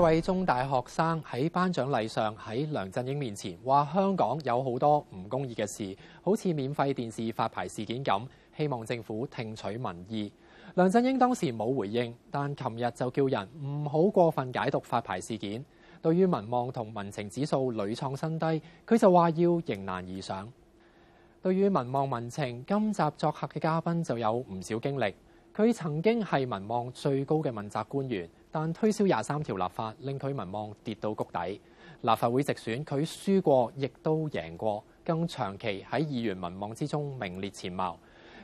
一位中大學生喺頒獎禮上，喺梁振英面前話香港有好多唔公義嘅事，好似免費電視發牌事件咁，希望政府聽取民意。梁振英當時冇回應，但琴日就叫人唔好過分解讀發牌事件。對於民望同民情指數屢創新低，佢就話要迎難而上。對於民望民情，今集作客嘅嘉賓就有唔少經歷，佢曾經係民望最高嘅問責官員。但推銷廿三條立法，令佢民望跌到谷底。立法會直選，佢輸過，亦都贏過，更長期喺議員民望之中名列前茅。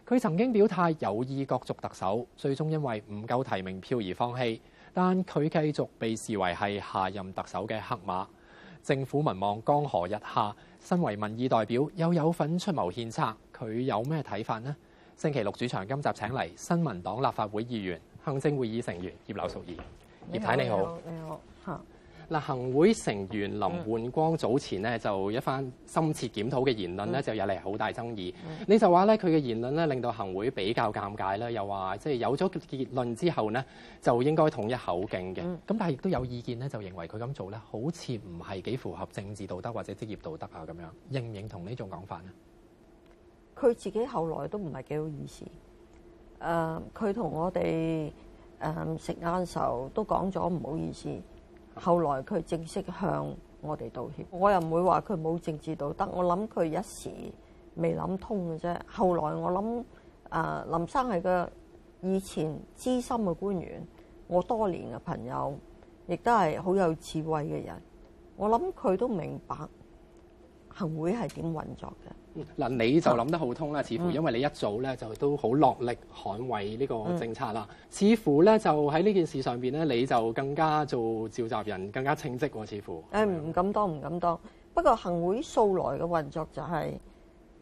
佢曾經表態有意角逐特首，最終因為唔夠提名票而放棄。但佢繼續被視為係下任特首嘅黑馬。政府民望江河日下，身為民意代表又有份出謀獻策，佢有咩睇法呢？星期六主場今集請嚟新民黨立法會議員。行政會議成員葉劉淑儀，葉太你好，你好吓。嗱，行會成員林煥光早前呢就一番深切檢討嘅言論咧、嗯，就引嚟好大爭議。嗯、你就話咧，佢嘅言論咧令到行會比較尷尬啦，又話即係有咗結論之後呢，就應該統一口徑嘅。咁、嗯、但係亦都有意見咧，就認為佢咁做咧，好似唔係幾符合政治道德或者職業道德啊咁樣。認唔認同呢種講法呢？佢自己後來都唔係幾好意思。誒佢同我哋誒、呃、食晏時候都講咗唔好意思。後來佢正式向我哋道歉，我又唔會話佢冇政治道德。我諗佢一時未諗通嘅啫。後來我諗誒、呃、林生係個以前資深嘅官員，我多年嘅朋友，亦都係好有智慧嘅人。我諗佢都明白。行會係點運作嘅？嗱、嗯，你就諗得好通啦。似乎因為你一早咧就都好落力捍衞呢個政策啦、嗯。似乎咧就喺呢件事上邊咧，你就更加做召集人，更加稱職喎。似乎誒唔敢當，唔敢當。不過行會素來嘅運作就係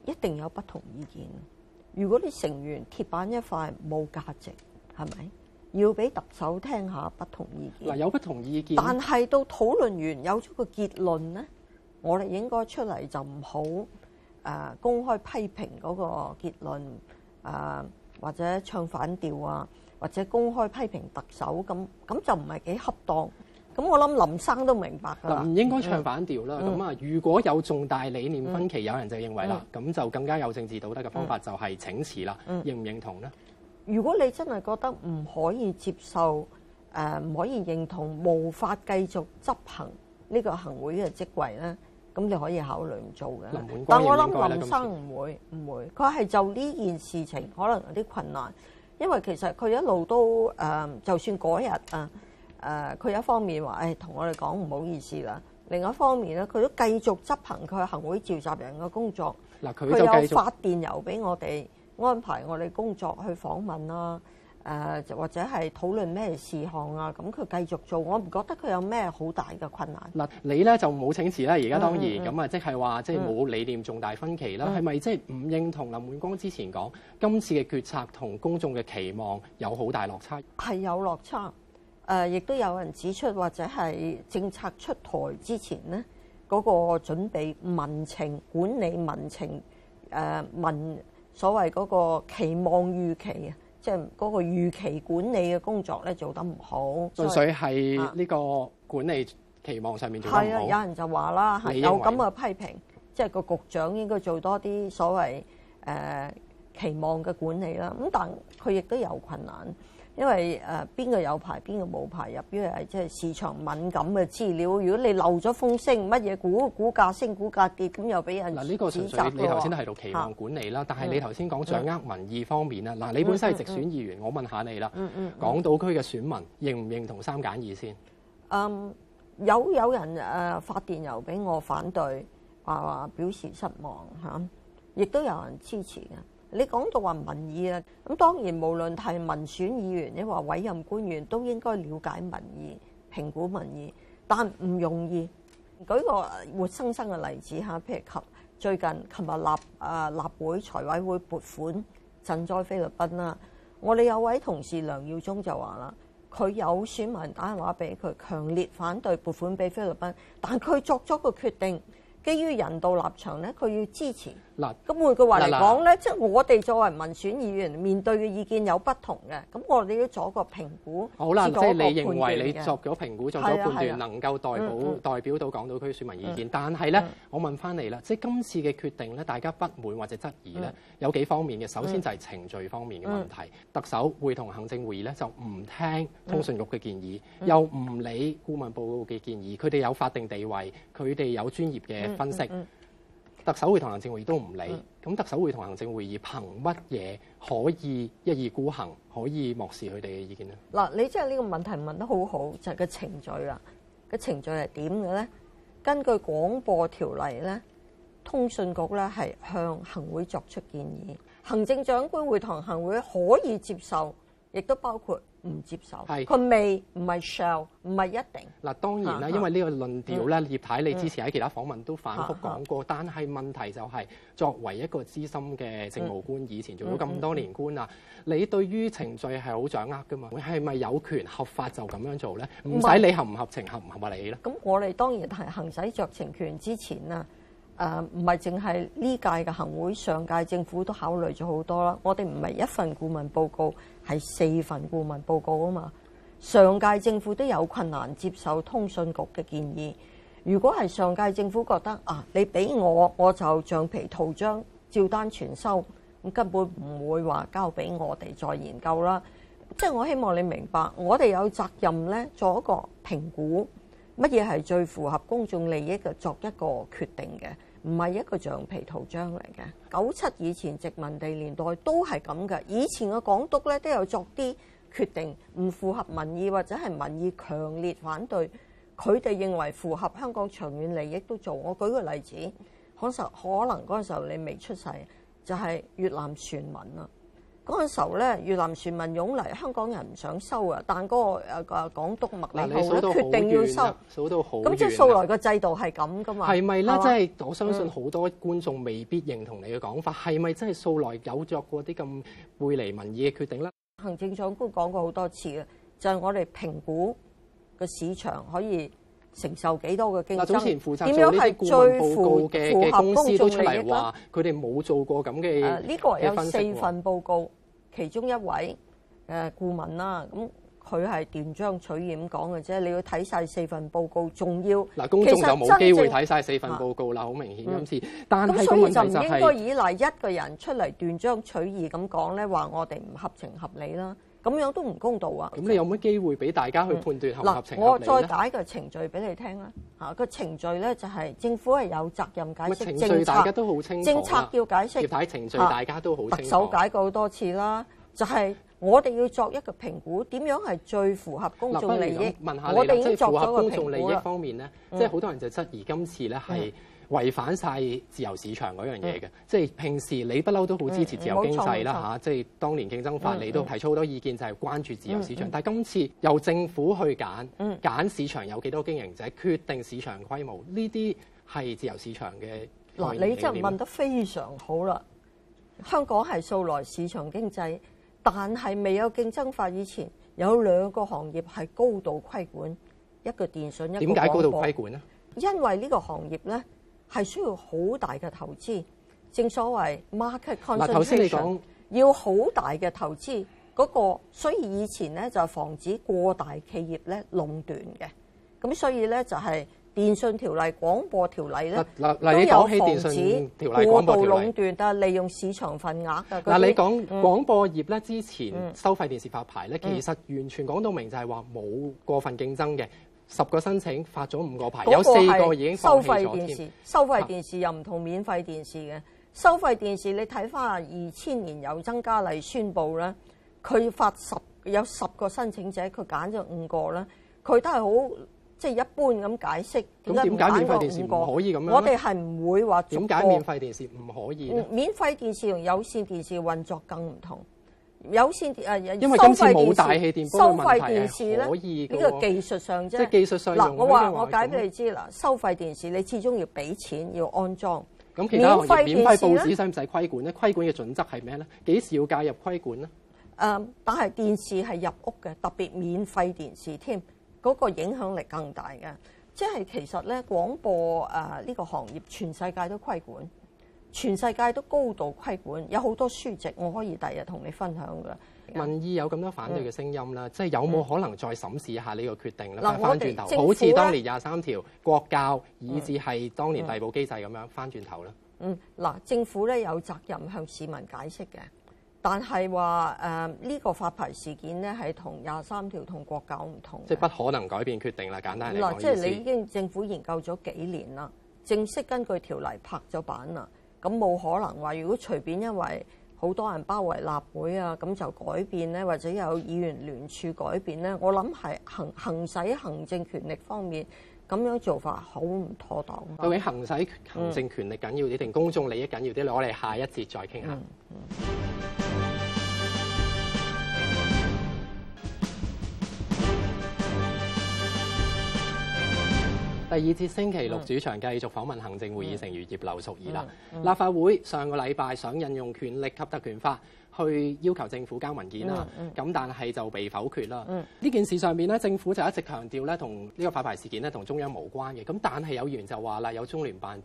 一定有不同意見。如果你成員鐵板一塊冇價值，係咪要俾特首聽下不同意見？嗱，有不同意見。但係到討論完有咗個結論咧。我哋應該出嚟就唔好、呃、公開批評嗰個結論、呃，或者唱反調啊，或者公開批評特首，咁咁就唔係幾恰當。咁我諗林生都明白㗎啦。唔應該唱反調啦。咁、嗯、啊，如果有重大理念分歧，有人就認為啦，咁、嗯、就更加有政治道德嘅方法就係請辭啦、嗯。認唔認同咧？如果你真係覺得唔可以接受，誒、呃、唔可以認同，無法繼續執行呢個行會嘅職位咧？咁你可以考慮唔做嘅，但我諗林生唔會，唔會，佢係就呢件事情可能有啲困難，因為其實佢一路都、呃、就算嗰日啊，佢、呃、一方面話同我哋講唔好意思啦，另一方面咧，佢都繼續執行佢行會召集人嘅工作，嗱，佢有發電郵俾我哋安排我哋工作去訪問啦。誒，或者係討論咩事項啊？咁佢繼續做，我唔覺得佢有咩好大嘅困難。嗱，你咧就冇請辭啦，而家當然咁啊，即係話即係冇理念重大分歧啦。係咪即係唔認同林煥光之前講今次嘅決策同公眾嘅期望有好大落差？係有落差。誒、呃，亦都有人指出，或者係政策出台之前呢，嗰、那個準備、民情、管理民情、誒、呃、民所謂嗰個期望預期啊。即係嗰個預期管理嘅工作咧做得唔好，純粹係呢個管理期望上面做得唔好。係啊，有人就話啦，有咁嘅批評，即係個局長應該做多啲所謂誒、呃、期望嘅管理啦。咁但佢亦都有困難。因為誒邊、呃、個有牌，邊個冇牌，入，因為即係市場敏感嘅資料，如果你漏咗風聲，乜嘢股股價升股價跌，咁又俾人嗱呢、這個純粹你你頭先都係度期望管理啦、啊，但係你頭先講掌握民意方面啦，嗱、嗯嗯、你本身係直選議員，嗯嗯嗯、我問下你啦、嗯嗯嗯，港島區嘅選民認唔認同三揀二先？嗯，有有人誒發電郵俾我反對，話話表示失望嚇、啊，亦都有人支持嘅。你講到話民意啊，咁當然無論係民選議員你話委任官員，都應該了解民意、評估民意，但唔容易。舉個活生生嘅例子嚇，譬如及最近琴日立啊立會財委會撥款賑災菲律賓啦，我哋有位同事梁耀忠就話啦，佢有選民打電話俾佢，強烈反對撥款俾菲律賓，但佢作咗個決定，基於人道立場咧，佢要支持。嗱，咁換句話嚟講咧，即係我哋作為民選議員面對嘅意見有不同嘅，咁我哋要做個評估，好啦，即係你認為你作咗評估、作咗判斷，能夠代表、嗯嗯、代表到港島區選民意見，嗯、但係咧、嗯，我問翻你啦，即係今次嘅決定咧，大家不滿或者質疑咧、嗯，有幾方面嘅？首先就係程序方面嘅問題、嗯嗯，特首會同行政會議咧就唔聽通訊局嘅建議，嗯嗯、又唔理顧問報告嘅建議，佢哋有法定地位，佢哋有專業嘅分析。嗯嗯特首會同行政會議都唔理，咁特首會同行政會議憑乜嘢可以一意孤行，可以漠視佢哋嘅意見呢？嗱，你即係呢個問題問得好好，就係、是、個程序啦。個程序係點嘅咧？根據廣播條例咧，通訊局咧係向行會作出建議，行政長官會同行會可以接受，亦都包括。唔接受，佢未唔係 shall，唔係一定。嗱，當然啦，因為呢個論調咧、啊啊，葉太你之前喺其他訪問都反覆講過。啊啊、但係問題就係、是，作為一個資深嘅政務官，以前做咗咁多年官啊，啊，你對於程序係好掌握㗎嘛？係咪有權合法就咁樣做咧？唔使你合唔合情，啊、合唔合理咧？咁我哋當然係行使酌情權之前啊。誒唔係淨係呢屆嘅行會，上屆政府都考慮咗好多啦。我哋唔係一份顧問報告，係四份顧問報告啊嘛。上屆政府都有困難接受通訊局嘅建議。如果係上屆政府覺得啊，你俾我我就橡皮圖章照單全收，咁根本唔會話交俾我哋再研究啦。即係我希望你明白，我哋有責任呢，做一個評估。乜嘢係最符合公眾利益嘅作一個決定嘅？唔係一個橡皮圖章嚟嘅。九七以前殖民地年代都係咁嘅。以前嘅港督咧都有作啲決定，唔符合民意，或者係民意強烈反對，佢哋認為符合香港長遠利益都做。我舉個例子，可能可能嗰陣時候你未出世，就係、是、越南船民啦。嗰陣時候咧，越南船民湧嚟，香港人唔想收、那個、啊！但嗰個誒誒港督麥理浩咧，決定要收。咁即係素來個制度係咁噶嘛？係咪咧？即係我相信好多觀眾未必認同你嘅講法。係咪真係素來有作過啲咁背離民意嘅決定咧？行政長官講過好多次嘅，就係、是、我哋評估個市場可以。承受幾多嘅競爭？點樣係最符符合公眾利益？佢哋冇做過咁嘅，呢個有四份報告，其中一位誒顧問啦，咁佢係斷章取義咁講嘅啫。你要睇晒四份報告，仲要。嗱，公眾就冇機會睇晒四份報告啦，好明顯今次。嗯、但係，所以就唔應該依賴一個人出嚟斷章取義咁講咧，話我哋唔合情合理啦。咁樣都唔公道啊！咁你有乜機會俾大家去判斷合唔合情合理呢？我再解個程序俾你聽啦。嚇，個程序咧就係政府係有責任解釋政策，政策要解釋。啊、解釋程序大家都好清楚。啊、特首解過好多次啦，就係、是、我哋要作一個評估，點樣係最符合公眾利益？啊、問下我哋已經作咗個評估。我哋你啦，即係符合公眾利益方面咧、嗯，即係好多人就質疑今次咧係。嗯違反晒自由市場嗰樣嘢嘅、嗯，即係平時你不嬲都好支持自由經濟啦吓、嗯啊，即係當年競爭法，嗯、你都提出好多意見，就係關注自由市場。嗯嗯、但係今次由政府去揀揀、嗯、市場有幾多經營者，決定市場規模，呢啲係自由市場嘅。嗱、呃，你真問得非常好啦！香港係素來市場經濟，但係未有競爭法以前，有兩個行業係高度規管，一個電信，一個廣播，點解高度規管呢？因為呢個行業呢。係需要好大嘅投資，正所謂 market concentration，嗱，頭先你講要好大嘅投資嗰、嗰個，所以以前咧就係防止過大企業咧壟斷嘅。咁所以咧就係電信條例、廣播條例咧都有防止壟斷、壟斷啊，利用市場份額啊。嗱，你講廣播業咧之前收費電視發牌咧，其實完全講到明就係話冇過分競爭嘅。嗯嗯嗯嗯十個申請發咗五個牌、那個、有四個已經放棄咗添，收費電視，收費電視又唔同免費電視嘅，收費電視你睇返，二千年有增加嚟宣布啦，佢發十，有十個申請者，佢揀咗五個啦，佢都係好，即係一般咁解釋，點解揀咗五個，五個免費電視唔可以咁樣，我哋係唔會話，點解免費電視唔可以，免費電視同有線電視運作更唔同。有線誒、啊，因為今次冇大氣電，收費電視，收費電視咧，可以。呢個技術上即係技術上嗱，我話我解俾你知啦，收費電視你始終要俾錢，要安裝。咁其他行業免費電視、免費報紙使唔使規管咧？規管嘅準則係咩咧？幾時要介入規管咧？誒、嗯，但係電視係入屋嘅，特別免費電視，添、那、嗰個影響力更大嘅。即係其實咧，廣播誒呢、啊這個行業全世界都規管。全世界都高度規管，有好多書籍我可以第日同你分享嘅。民意有咁多反對嘅聲音啦、嗯，即係有冇可能再審視下呢個決定咧？翻翻轉頭，好似當年廿三條、國教，以至係當年遞補機制咁樣翻轉頭咧。嗯，嗱、嗯，政府咧有責任向市民解釋嘅，但係話誒呢個發牌事件咧係同廿三條同國教唔同。即不可能改變決定啦。簡單嚟講嗱，即係你已經政府研究咗幾年啦，正式根據條例拍咗板啦。咁冇可能話，如果隨便因為好多人包圍立會啊，咁就改變咧，或者有議員聯署改變咧，我諗係行行使行政權力方面咁樣做法好唔妥當。究竟行使行政權力緊要啲定、嗯、公眾利益緊要啲？攞嚟下一節再傾下。嗯嗯。第二節，星期六主場繼續訪問行政會議成員葉劉淑儀。立法會上個禮拜想引用權力及特權法去要求政府交文件啦，咁但係就被否決啦。呢件事上面，咧，政府就一直強調咧，同呢個發牌事件咧，同中央無關嘅。咁但係有議員就話啦，有中聯辦。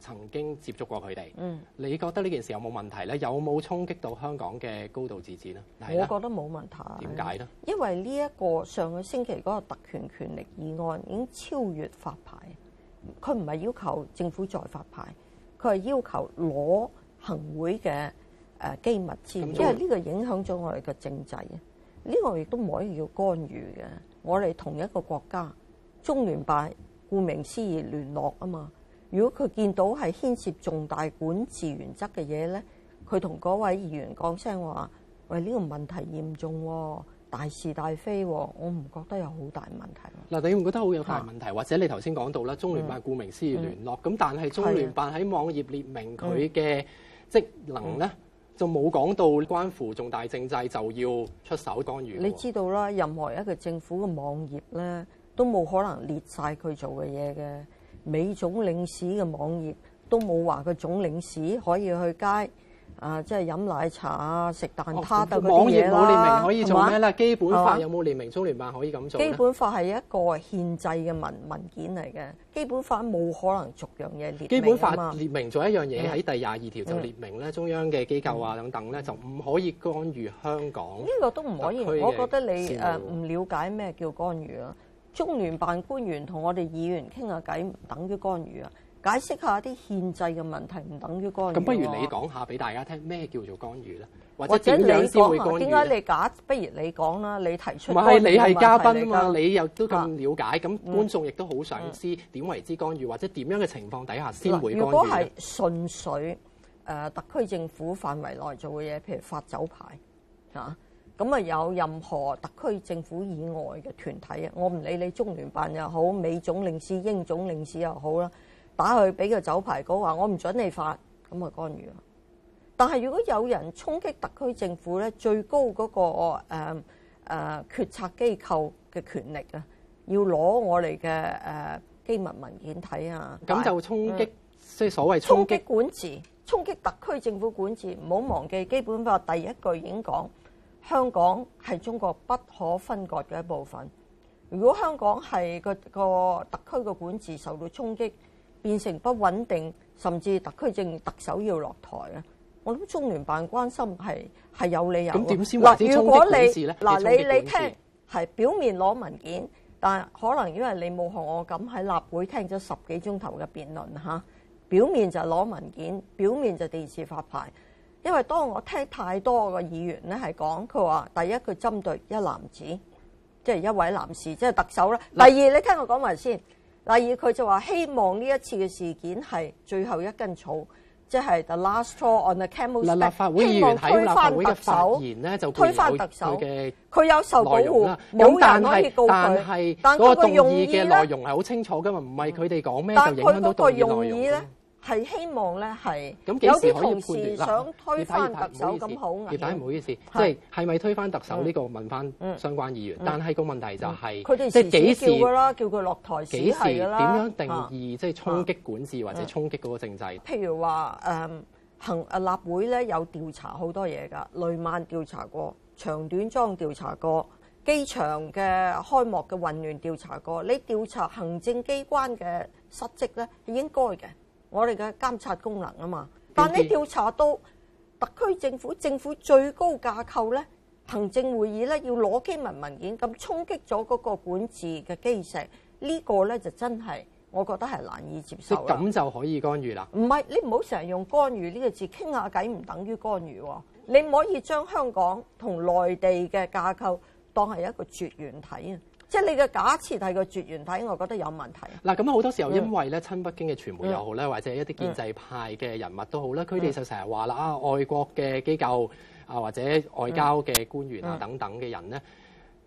曾經接觸過佢哋。嗯，你覺得呢件事有冇問題咧？有冇衝擊到香港嘅高度自治咧？我覺得冇問題。點解咧？因為呢一個上個星期嗰個特權權力議案已經超越發牌，佢唔係要求政府再發牌，佢係要求攞行會嘅誒機密資料，因為呢個影響咗我哋嘅政制啊。呢、呢個亦都唔可以叫干預嘅。我哋同一個國家，中聯辦顧名思義聯絡啊嘛。如果佢見到係牽涉重大管治原則嘅嘢咧，佢同嗰位議員講聲話：喂，呢個問題嚴重，大是大非，我唔覺得有好大問題。嗱，你唔覺得好有大問題？或者你頭先講到啦，中聯辦顧名思義聯絡，咁、嗯嗯嗯、但係中聯辦喺網頁列明佢嘅職能咧，就冇講到關乎重大政制就要出手干預。你知道啦，任何一個政府嘅網頁咧，都冇可能列晒佢做嘅嘢嘅。美總領事嘅網頁都冇話個總領事可以去街啊，即係飲奶茶啊、食蛋撻等嗰啲嘢。網頁冇列明可以做咩啦？基本法有冇列明中聯辦可以咁做？基本法係一個憲制嘅文文件嚟嘅，基本法冇可能逐樣嘢列明啊嘛。基本法列明咗一樣嘢喺第廿二條就列明咧，中央嘅機構啊等等咧就唔可以干預香港。呢個都唔可以，我覺得你誒唔了解咩叫干預啊？中聯辦官員同我哋議員傾下偈唔等於干預啊！解釋下啲憲制嘅問題唔等於干預啊！咁不如你講下俾大家聽咩叫做干預咧，或者，或者你講點樣先會幹？點解你假？不如你講啦！你提出問題。唔係你係嘉賓啊嘛？你又都咁了解，咁、啊、觀眾亦都好想知點為之干預，或者點樣嘅情況底下先會干預？如果係純粹誒、呃、特區政府範圍內做嘅嘢，譬如發酒牌啊！咁啊，有任何特區政府以外嘅團體啊，我唔理你中聯辦又好、美總領事、英總領事又好啦，打去俾個走牌，佢話我唔准你發，咁咪干預。但係如果有人衝擊特區政府咧，最高嗰、嗰個誒誒、嗯嗯嗯、決策機構嘅權力啊，要攞我哋嘅誒機密文件睇啊，咁就衝擊即係、嗯、所，所謂衝擊，衝擊管治，衝擊特區政府管治。唔好忘記基本法第一句已經講。香港係中國不可分割嘅一部分。如果香港係個,個特區嘅管治受到衝擊，變成不穩定，甚至特區政特首要落台，我諗中聯辦關心係係有理由。咁點先或者嗱，你你,你,你聽係表面攞文件，但可能因為你冇學我咁喺立會聽咗十幾鐘頭嘅辯論，表面就攞文件，表面就是第二次發牌。因為當我聽太多個議員咧係講，佢話第一佢針對一男子，即係一位男士，即係特首啦。第二，你聽我講埋先。第二佢就話希望呢一次嘅事件係最後一根草，即係 the last straw on the camel step，立立。立法會議員喺立法會嘅發言咧，就推翻特首嘅，佢有受保護啦。咁但係但係嗰個動議嘅內容係好清楚噶嘛，唔係佢哋講咩就影響到動議內容。係希望呢係有啲同事想推翻特首咁好。葉太係唔好意思，即係咪推翻特首呢個問返相關議員？嗯、但係個問題就係、是嗯，即係幾時叫佢落台幾時啦？點樣定義即係、啊就是、衝擊管治或者衝擊嗰個政制？譬、啊啊啊啊啊、如話誒、嗯、立會呢，有調查好多嘢㗎，雷曼調查過，長短樁調查過，機場嘅開幕嘅混亂調查過。你調查行政機關嘅失職呢，係應該嘅。我哋嘅監察功能啊嘛，但你調查到特區政府政府最高架構咧，行政會議咧要攞機文文件，咁衝擊咗嗰個管治嘅基石，呢個咧就真係我覺得係難以接受。咁就可以干預啦？唔係，你唔好成日用干預呢個字，傾下偈唔等於干預喎。你唔可以將香港同內地嘅架構當係一個絕緣體。即係你嘅假設係個絕緣體，我覺得有問題。嗱、嗯，咁好多時候因為咧，親北京嘅傳媒又好咧，或者一啲建制派嘅人物都好咧，佢哋就成日話啦啊，外國嘅機構啊，或者外交嘅官員啊等等嘅人咧，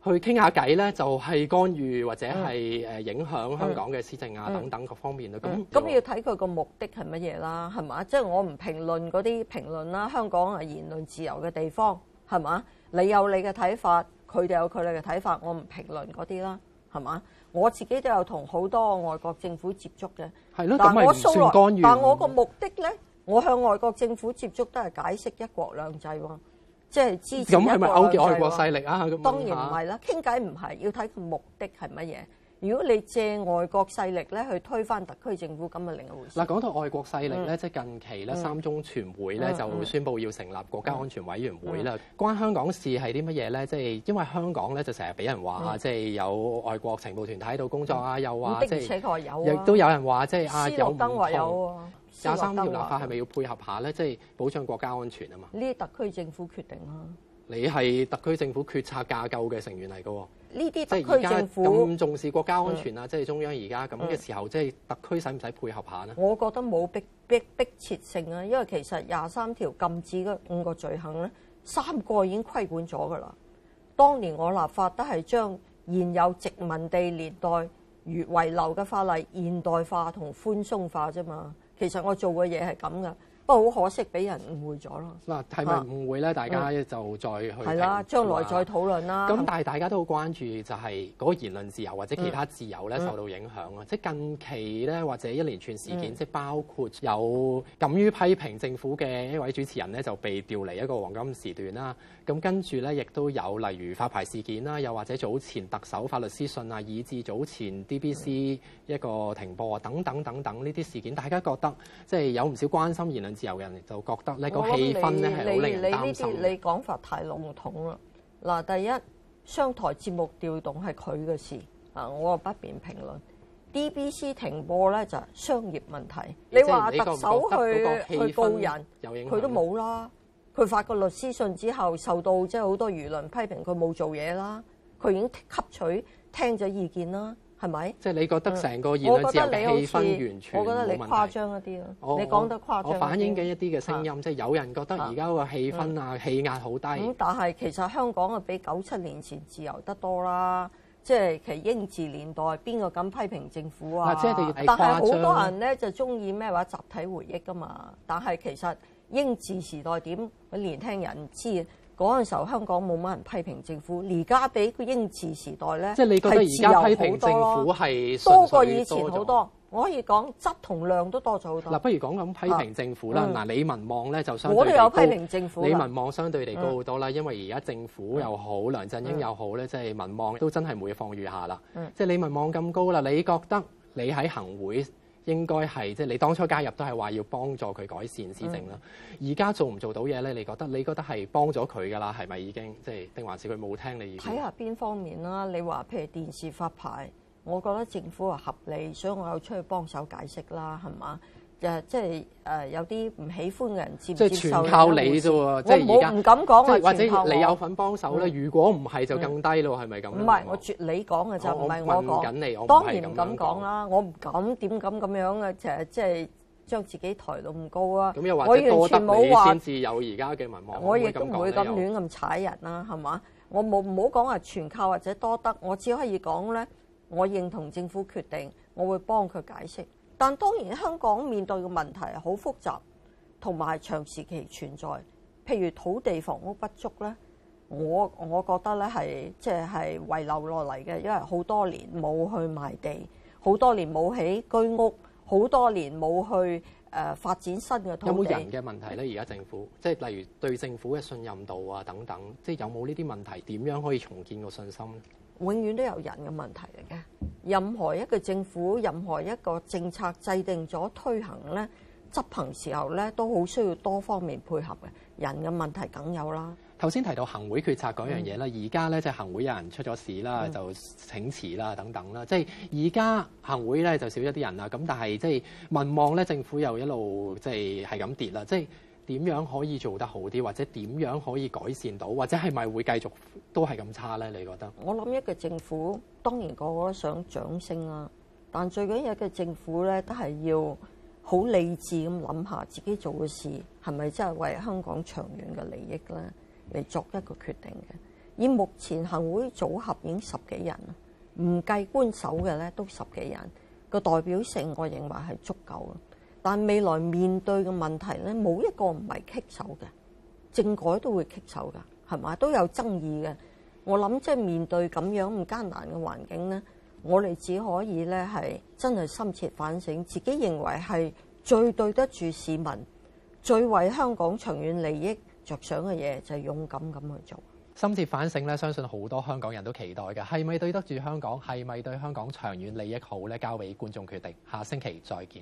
去傾下偈咧，就係、是、干預或者係誒影響香港嘅施政啊等等各方面嘅咁。咁、嗯嗯嗯嗯、要睇佢個目的係乜嘢啦？係嘛？即、就、係、是、我唔評論嗰啲評論啦。香港啊言論自由嘅地方係嘛？你有你嘅睇法。佢哋有佢哋嘅睇法，我唔評論嗰啲啦，係嘛？我自己都有同好多外國政府接觸嘅，但係我收來，但係我個目的咧，我向外國政府接觸都係解釋一國兩制，即係支持。咁係咪勾結外國勢力啊？當然唔係啦，傾偈唔係，要睇個目的係乜嘢。如果你借外國勢力咧去推翻特區政府，咁啊，另一回事。嗱，講到外國勢力咧、嗯，即係近期咧，三中全會咧就宣布要成立國家安全委員會啦、嗯嗯嗯。關香港事係啲乜嘢咧？即係因為香港咧就成日俾人話、嗯，即係有外國情報團體喺度工作、嗯、啊，又話即係而且確有，亦都有人話即係啊有唔、啊、妥。廿三條立法係咪要配合下咧？即係保障國家安全啊嘛。呢啲特區政府決定啦、啊。你係特區政府決策架構嘅成員嚟㗎喎。呢啲特區政府咁重視國家安全啊！即係中央而家咁嘅時候，即係特區使唔使配合下呢？我覺得冇逼迫迫切性啊！因為其實廿三條禁止嗰五個罪行咧，三個已經規管咗㗎啦。當年我立法都係將現有殖民地年代餘遺留嘅法例現代化同寬鬆化啫嘛。其實我做嘅嘢係咁㗎。不過好可惜，俾人誤會咗咯。嗱，係咪誤會咧？大家就再去。係啦，將來再討論啦。咁但係大家都好關注，就係嗰個言論自由或者其他自由咧受到影響啊！即、嗯、近期咧，或者一連串事件，即、嗯、包括有敢於批評政府嘅一位主持人咧，就被調離一個黃金時段啦。咁跟住咧，亦都有例如發牌事件啦，又或者早前特首法律師信啊，以至早前 DBC 一個停播啊，等等等等呢啲事件，大家覺得即係有唔少關心言論。自由人就覺得咧，個氣氛咧，係好令人擔心。你呢啲你講法太籠統啦。嗱，第一商台節目調動係佢嘅事啊，我啊不便評論。DBC 停播咧就係商業問題。你話特首去去告人，佢都冇啦。佢發個律師信之後，受到即係好多輿論批評他沒做事，佢冇做嘢啦。佢已經吸取聽咗意見啦。係咪？即係你覺得成個言論自由嘅氣氛完全冇問題？我覺得你，覺得你誇張一啲咯，你講得誇張。我反映緊一啲嘅聲音，即係有人覺得而家個氣氛啊、氣壓好低。咁、嗯、但係其實香港啊，比九七年前自由得多啦。即係其英治年代邊個敢批評政府啊？啊即係是但係好多人咧就中意咩話集體回憶㗎嘛。但係其實英治時代點，年輕人唔知？嗰陣時候香港冇乜人批評政府，而家俾個英治時代咧，即你覺得而家批評政府係，多過以前好多。我可以講質同量都多咗好多。嗱、啊，不如講緊批評政府啦。嗱、啊，李民望咧就相對我都有批評政府。李民望相對嚟高好多啦，因為而家政府又好、嗯，梁振英又好咧，即係民望都真係每況愈下啦、嗯。即係李民望咁高啦，你覺得你喺行會？應該係即係你當初加入都係話要幫助佢改善施政啦。嗯、而家做唔做到嘢咧？你覺得你覺得係幫咗佢㗎啦，係咪已經即係定還是佢冇聽你意見？睇下邊方面啦。你話譬如電視發牌，我覺得政府係合理，所以我有出去幫手解釋啦，係嘛？嗯誒，即係誒有啲唔喜歡嘅人接唔接受咧？即係全靠你啫喎！即係而家，我唔敢講。即係或者你有份幫手咧，如果唔係就更低咯，係咪咁？唔係，我絕你講嘅就唔係我講。我信緊你，我唔係咁講啦。我唔敢點敢咁樣嘅，其實即係將自己抬到咁高啊！咁又或者多得你先至有而家嘅民望，我亦都唔會咁亂咁踩人啦，係嘛？我冇唔好講話全靠或者多得，我只可以講咧，我認同政府決定，我會幫佢解釋。但當然，香港面對嘅問題好複雜，同埋長時期存在。譬如土地房屋不足呢，我我覺得呢係即係遺留落嚟嘅，因為好多年冇去賣地，好多年冇起居屋，好多年冇去誒發展新嘅土地。有冇人嘅問題呢？而家政府即係例如對政府嘅信任度啊等等，即係有冇呢啲問題？點樣可以重建個信心？永遠都有人嘅問題嚟嘅。任何一個政府，任何一個政策制定咗推行咧，執行時候咧都好需要多方面配合嘅。人嘅問題梗有啦。頭先提到行會決策嗰樣嘢啦，而家咧即係行會有人出咗事啦，就請辭啦等等啦，即係而家行會咧就少咗啲人啦。咁但係即係民望咧，政府又一路即係係咁跌啦，即係。點樣可以做得好啲，或者點樣可以改善到，或者係咪會繼續都係咁差呢？你覺得？我諗一個政府當然個個都想掌聲啦，但最緊要嘅政府呢，都係要好理智咁諗下自己做嘅事係咪真係為香港長遠嘅利益呢嚟作一個決定嘅。以目前行會組合已經十幾人，唔計官守嘅呢都十幾人，這個代表性我認為係足夠嘅。但未來面對嘅問題呢，冇一個唔係棘手嘅，政改都會棘手㗎，係嘛，都有爭議嘅。我諗即係面對咁樣咁艱難嘅環境呢，我哋只可以呢，係真係深切反省自己，認為係最對得住市民、最為香港長遠利益着想嘅嘢，就係勇敢咁去做。深切反省呢，相信好多香港人都期待嘅，係咪對得住香港，係咪對香港長遠利益好呢？交俾觀眾決定。下星期再見。